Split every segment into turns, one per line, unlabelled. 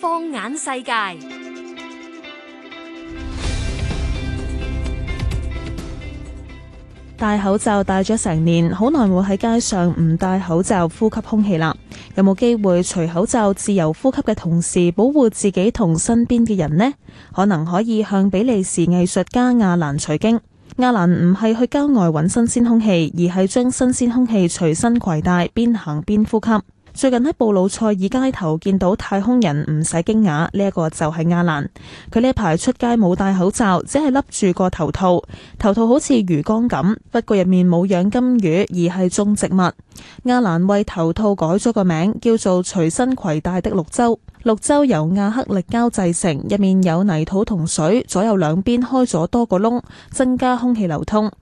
放眼世界，戴口罩戴咗成年，好耐冇喺街上唔戴口罩呼吸空氣啦。有冇機會除口罩自由呼吸嘅同時，保護自己同身邊嘅人呢？可能可以向比利時藝術家亞蘭取經。阿蘭唔係去郊外揾新鮮空氣，而係將新鮮空氣隨身攜帶，邊行邊呼吸。最近喺布魯塞爾街頭見到太空人，唔使驚訝，呢一個就係亞蘭。佢呢排出街冇戴口罩，只係笠住個頭套，頭套好似魚缸咁，不過入面冇養金魚，而係種植物。亞蘭為頭套改咗個名，叫做隨身攜帶的綠洲。綠洲由亞克力膠製成，入面有泥土同水，左右兩邊開咗多個窿，增加空氣流通。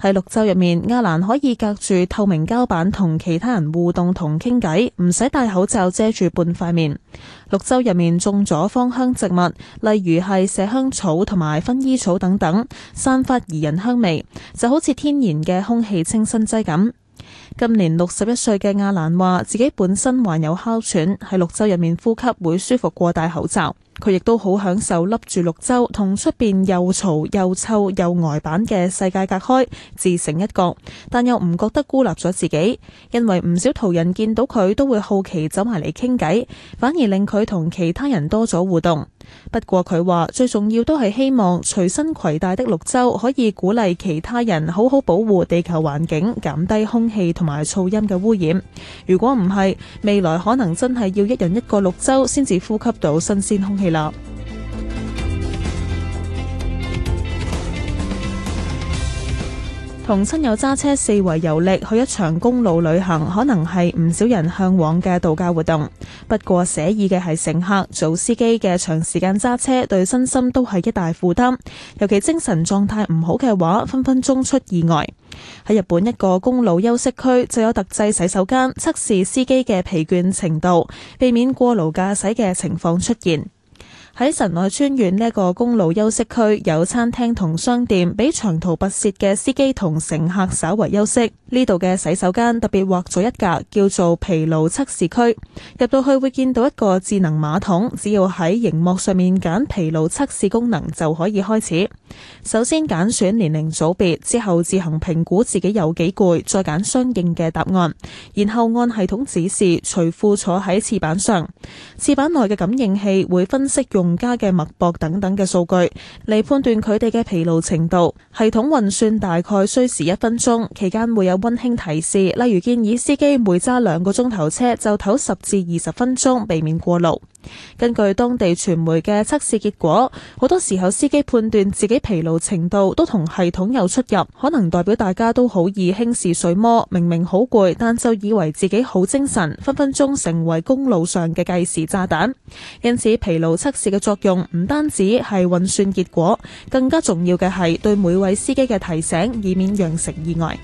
喺綠洲入面，亞蘭可以隔住透明膠板同其他人互動同傾偈，唔使戴口罩遮住半塊面。綠洲入面種咗芳香植物，例如係麝香草同埋薰衣草等等，散發怡人香味，就好似天然嘅空氣清新劑咁。今年六十一歲嘅亞蘭話，自己本身患有哮喘，喺綠洲入面呼吸會舒服過戴口罩。佢亦都好享受笠住綠洲同出邊又嘈又臭又呆板嘅世界隔開，自成一角，但又唔覺得孤立咗自己，因為唔少途人見到佢都會好奇走埋嚟傾偈，反而令佢同其他人多咗互動。不過佢話最重要都係希望隨身攜帶的綠洲可以鼓勵其他人好好保護地球環境，減低空氣同埋噪音嘅污染。如果唔係，未來可能真係要一人一個綠洲先至呼吸到新鮮空氣。啦，同親友揸車四圍遊歷，去一場公路旅行，可能係唔少人嚮往嘅度假活動。不過，寫意嘅係乘客，做司機嘅長時間揸車，對身心都係一大負擔。尤其精神狀態唔好嘅話，分分鐘出意外。喺日本一個公路休息區，就有特製洗手間測試司機嘅疲倦程度，避免過勞駕駛嘅情況出現。喺神奈川縣呢一個公路休息區，有餐廳同商店，俾長途跋涉嘅司機同乘客稍為休息。呢度嘅洗手間特別劃咗一格，叫做疲勞測試區，入到去會見到一個智能馬桶，只要喺熒幕上面揀疲勞測試功能就可以開始。首先揀選，選年齡組別，之後自行評估自己有幾攰，再揀相應嘅答案，然後按系統指示，除褲，坐喺廁板上。廁板內嘅感應器會分析用家嘅脈搏等等嘅數據，嚟判斷佢哋嘅疲勞程度。系統運算大概需時一分鐘，期間會有溫馨提示，例如建議司機每揸兩個鐘頭車就唞十至二十分鐘，避免過勞。根據當地傳媒嘅測試結果，好多時候司機判斷自己疲勞程度都同系統有出入，可能代表大家都好易輕視睡魔，明明好攰，但就以為自己好精神，分分鐘成為公路上嘅計時炸彈。因此，疲勞測試嘅作用唔單止係運算結果，更加重要嘅係對每位司機嘅提醒，以免釀成意外。